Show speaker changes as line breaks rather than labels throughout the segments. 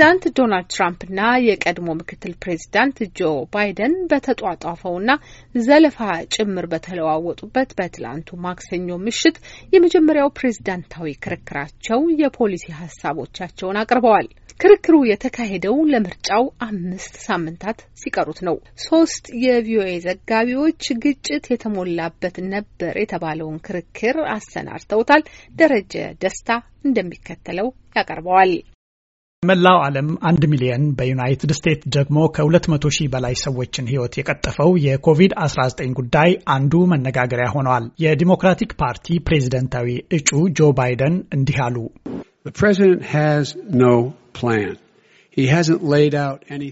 ፕሬዚዳንት ዶናልድ ትራምፕና የቀድሞ ምክትል ፕሬዚዳንት ጆ ባይደን በተጧጧፈውና ዘለፋ ጭምር በተለዋወጡበት በትላንቱ ማክሰኞ ምሽት የመጀመሪያው ፕሬዚዳንታዊ ክርክራቸው የፖሊሲ ሀሳቦቻቸውን አቅርበዋል። ክርክሩ የተካሄደው ለምርጫው አምስት ሳምንታት ሲቀሩት ነው። ሶስት የቪኦኤ ዘጋቢዎች ግጭት የተሞላበት ነበር የተባለውን ክርክር አሰናድተውታል። ደረጀ ደስታ እንደሚከተለው ያቀርበዋል።
መላው ዓለም አንድ ሚሊየን በዩናይትድ ስቴትስ ደግሞ ከ200 ሺህ በላይ ሰዎችን ሕይወት የቀጠፈው የኮቪድ-19 ጉዳይ አንዱ መነጋገሪያ ሆነዋል። የዲሞክራቲክ ፓርቲ ፕሬዝደንታዊ እጩ ጆ ባይደን እንዲህ አሉ።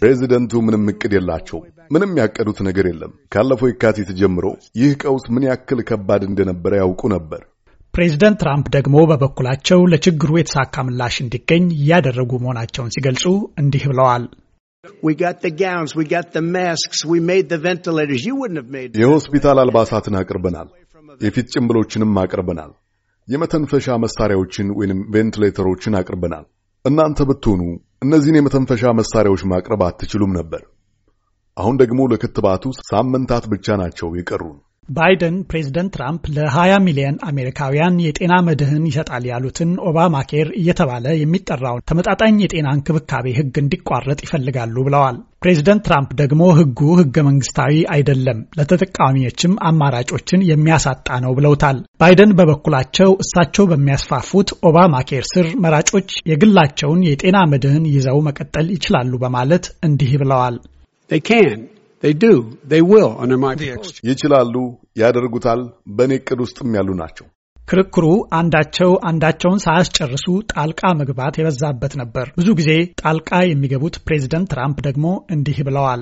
ፕሬዚደንቱ ምንም እቅድ የላቸው። ምንም ያቀዱት ነገር የለም። ካለፈው የካቲት ጀምሮ ይህ ቀውስ ምን ያክል ከባድ እንደነበረ ያውቁ ነበር።
ፕሬዚደንት ትራምፕ ደግሞ በበኩላቸው ለችግሩ የተሳካ ምላሽ እንዲገኝ እያደረጉ መሆናቸውን ሲገልጹ እንዲህ ብለዋል።
የሆስፒታል አልባሳትን አቅርበናል። የፊት ጭንብሎችንም አቅርበናል። የመተንፈሻ መሳሪያዎችን ወይም ቬንትሌተሮችን አቅርበናል። እናንተ ብትሆኑ እነዚህን የመተንፈሻ መሳሪያዎች ማቅረብ አትችሉም ነበር። አሁን ደግሞ ለክትባቱ ሳምንታት ብቻ ናቸው የቀሩን።
ባይደን ፕሬዝደንት ትራምፕ ለ20 ሚሊዮን አሜሪካውያን የጤና መድህን ይሰጣል ያሉትን ኦባማ ኬር እየተባለ የሚጠራውን ተመጣጣኝ የጤና እንክብካቤ ህግ እንዲቋረጥ ይፈልጋሉ ብለዋል። ፕሬዚደንት ትራምፕ ደግሞ ህጉ ህገ መንግስታዊ አይደለም፣ ለተጠቃሚዎችም አማራጮችን የሚያሳጣ ነው ብለውታል። ባይደን በበኩላቸው እሳቸው በሚያስፋፉት ኦባማ ኬር ስር መራጮች የግላቸውን የጤና መድህን ይዘው መቀጠል ይችላሉ በማለት እንዲህ ብለዋል።
ይችላሉ፣ ያደርጉታል። በእኔ እቅድ ውስጥም ያሉ ናቸው።
ክርክሩ አንዳቸው አንዳቸውን ሳያስጨርሱ ጣልቃ መግባት የበዛበት ነበር። ብዙ ጊዜ ጣልቃ የሚገቡት ፕሬዚደንት ትራምፕ ደግሞ እንዲህ ብለዋል።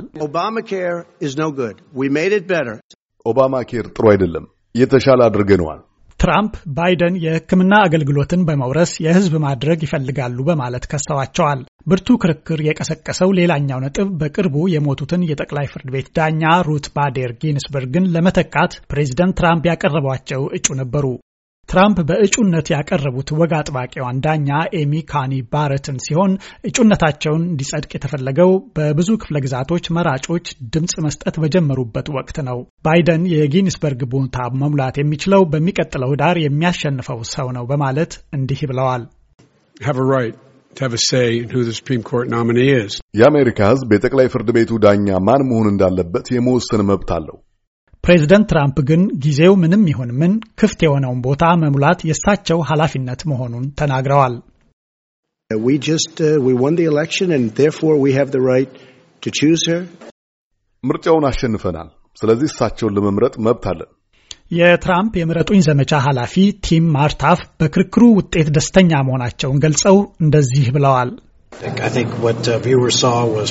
ኦባማ ኬር ጥሩ አይደለም፣ የተሻለ አድርገነዋል።
ትራምፕ ባይደን የሕክምና አገልግሎትን በመውረስ የህዝብ ማድረግ ይፈልጋሉ በማለት ከሰዋቸዋል። ብርቱ ክርክር የቀሰቀሰው ሌላኛው ነጥብ በቅርቡ የሞቱትን የጠቅላይ ፍርድ ቤት ዳኛ ሩት ባዴር ጊንስበርግን ለመተካት ፕሬዚደንት ትራምፕ ያቀረቧቸው እጩ ነበሩ። ትራምፕ በእጩነት ያቀረቡት ወግ አጥባቂዋን ዳኛ ኤሚ ካኒ ባረትን ሲሆን እጩነታቸውን እንዲጸድቅ የተፈለገው በብዙ ክፍለ ግዛቶች መራጮች ድምፅ መስጠት በጀመሩበት ወቅት ነው። ባይደን የጊኒስበርግ ቦታ መሙላት የሚችለው በሚቀጥለው ዳር የሚያሸንፈው ሰው ነው በማለት እንዲህ ብለዋል።
የአሜሪካ ህዝብ የጠቅላይ ፍርድ ቤቱ ዳኛ ማን መሆን እንዳለበት የመወሰን መብት አለው።
ፕሬዝደንት ትራምፕ ግን ጊዜው ምንም ይሁን ምን ክፍት የሆነውን ቦታ መሙላት የእሳቸው ኃላፊነት መሆኑን ተናግረዋል።
uh, uh, ምርጫውን አሸንፈናል። ስለዚህ እሳቸውን ለመምረጥ መብት አለን።
የትራምፕ የምረጡኝ ዘመቻ ኃላፊ ቲም ማርታፍ በክርክሩ ውጤት ደስተኛ መሆናቸውን ገልጸው እንደዚህ ብለዋል። Uh,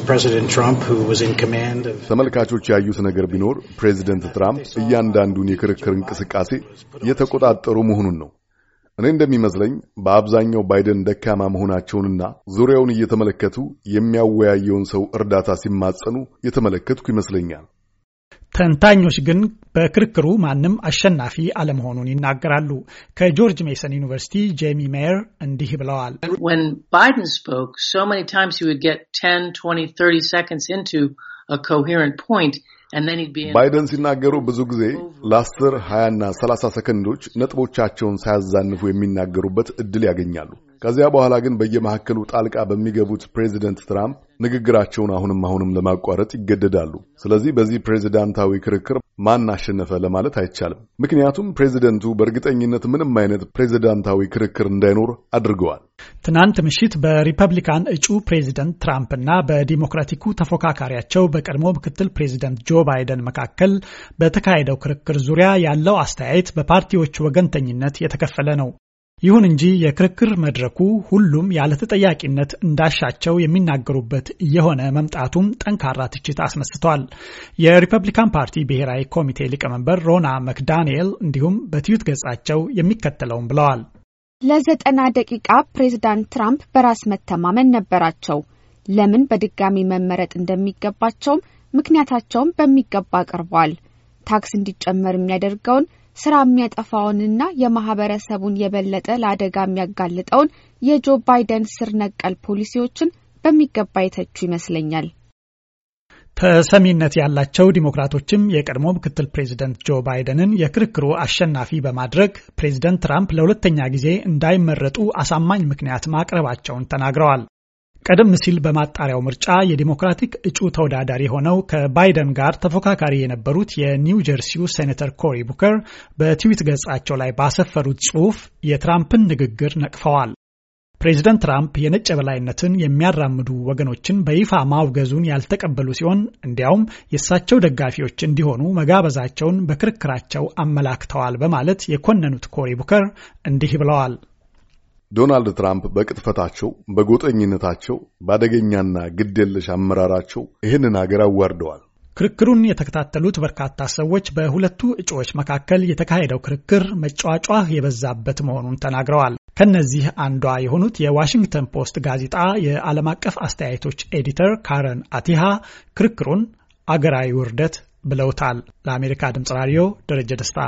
ተመልካቾች ያዩት ነገር ቢኖር ፕሬዚደንት ትራምፕ እያንዳንዱን የክርክር እንቅስቃሴ እየተቆጣጠሩ መሆኑን ነው። እኔ እንደሚመስለኝ በአብዛኛው ባይደን ደካማ መሆናቸውንና ዙሪያውን እየተመለከቱ የሚያወያየውን ሰው እርዳታ ሲማጸኑ የተመለከትኩ ይመስለኛል።
ተንታኞች ግን በክርክሩ ማንም አሸናፊ አለመሆኑን ይናገራሉ። ከጆርጅ ሜሰን ዩኒቨርሲቲ ጄሚ ሜየር እንዲህ ብለዋል።
ባይደን ሲናገሩ ብዙ ጊዜ ለአስር ሀያና ሰላሳ ሰከንዶች ነጥቦቻቸውን ሳያዛንፉ የሚናገሩበት እድል ያገኛሉ። ከዚያ በኋላ ግን በየመካከሉ ጣልቃ በሚገቡት ፕሬዚደንት ትራምፕ ንግግራቸውን አሁንም አሁንም ለማቋረጥ ይገደዳሉ። ስለዚህ በዚህ ፕሬዚዳንታዊ ክርክር ማን አሸነፈ ለማለት አይቻልም። ምክንያቱም ፕሬዚደንቱ በእርግጠኝነት ምንም አይነት ፕሬዚዳንታዊ ክርክር እንዳይኖር አድርገዋል።
ትናንት ምሽት በሪፐብሊካን እጩ ፕሬዚደንት ትራምፕና በዲሞክራቲኩ ተፎካካሪያቸው በቀድሞ ምክትል ፕሬዚደንት ጆ ባይደን መካከል በተካሄደው ክርክር ዙሪያ ያለው አስተያየት በፓርቲዎች ወገንተኝነት የተከፈለ ነው። ይሁን እንጂ የክርክር መድረኩ ሁሉም ያለ ተጠያቂነት እንዳሻቸው የሚናገሩበት እየሆነ መምጣቱም ጠንካራ ትችት አስነስቷል። የሪፐብሊካን ፓርቲ ብሔራዊ ኮሚቴ ሊቀመንበር ሮና መክዳንኤል እንዲሁም በትዊት ገጻቸው የሚከተለውን ብለዋል። ለዘጠና ደቂቃ ፕሬዝዳንት ትራምፕ በራስ መተማመን ነበራቸው። ለምን በድጋሚ መመረጥ እንደሚገባቸውም ምክንያታቸውም በሚገባ
አቅርበዋል። ታክስ እንዲጨመር የሚያደርገውን ስራ የሚያጠፋውንና የማህበረሰቡን የበለጠ ለአደጋ የሚያጋልጠውን የጆ ባይደን ስር ነቀል ፖሊሲዎችን በሚገባ የተቹ ይመስለኛል።
ተሰሚነት ያላቸው ዲሞክራቶችም የቀድሞ ምክትል ፕሬዚደንት ጆ ባይደንን የክርክሩ አሸናፊ በማድረግ ፕሬዚደንት ትራምፕ ለሁለተኛ ጊዜ እንዳይመረጡ አሳማኝ ምክንያት ማቅረባቸውን ተናግረዋል። ቀደም ሲል በማጣሪያው ምርጫ የዲሞክራቲክ እጩ ተወዳዳሪ ሆነው ከባይደን ጋር ተፎካካሪ የነበሩት የኒው ጀርሲው ሴኔተር ኮሪ ቡከር በትዊት ገጻቸው ላይ ባሰፈሩት ጽሑፍ የትራምፕን ንግግር ነቅፈዋል። ፕሬዚደንት ትራምፕ የነጭ የበላይነትን የሚያራምዱ ወገኖችን በይፋ ማውገዙን ያልተቀበሉ ሲሆን እንዲያውም የእሳቸው ደጋፊዎች እንዲሆኑ መጋበዛቸውን በክርክራቸው አመላክተዋል በማለት የኮነኑት ኮሪ ቡከር
እንዲህ ብለዋል። ዶናልድ ትራምፕ በቅጥፈታቸው፣ በጎጠኝነታቸው፣ በአደገኛና ግድየለሽ አመራራቸው ይህንን ሀገር አዋርደዋል።
ክርክሩን የተከታተሉት በርካታ ሰዎች በሁለቱ እጩዎች መካከል የተካሄደው ክርክር መጫጫ የበዛበት መሆኑን ተናግረዋል። ከነዚህ አንዷ የሆኑት የዋሽንግተን ፖስት ጋዜጣ የዓለም አቀፍ አስተያየቶች ኤዲተር ካረን አቲሃ ክርክሩን አገራዊ ውርደት ብለውታል። ለአሜሪካ ድምጽ ራዲዮ ደረጀ ደስታ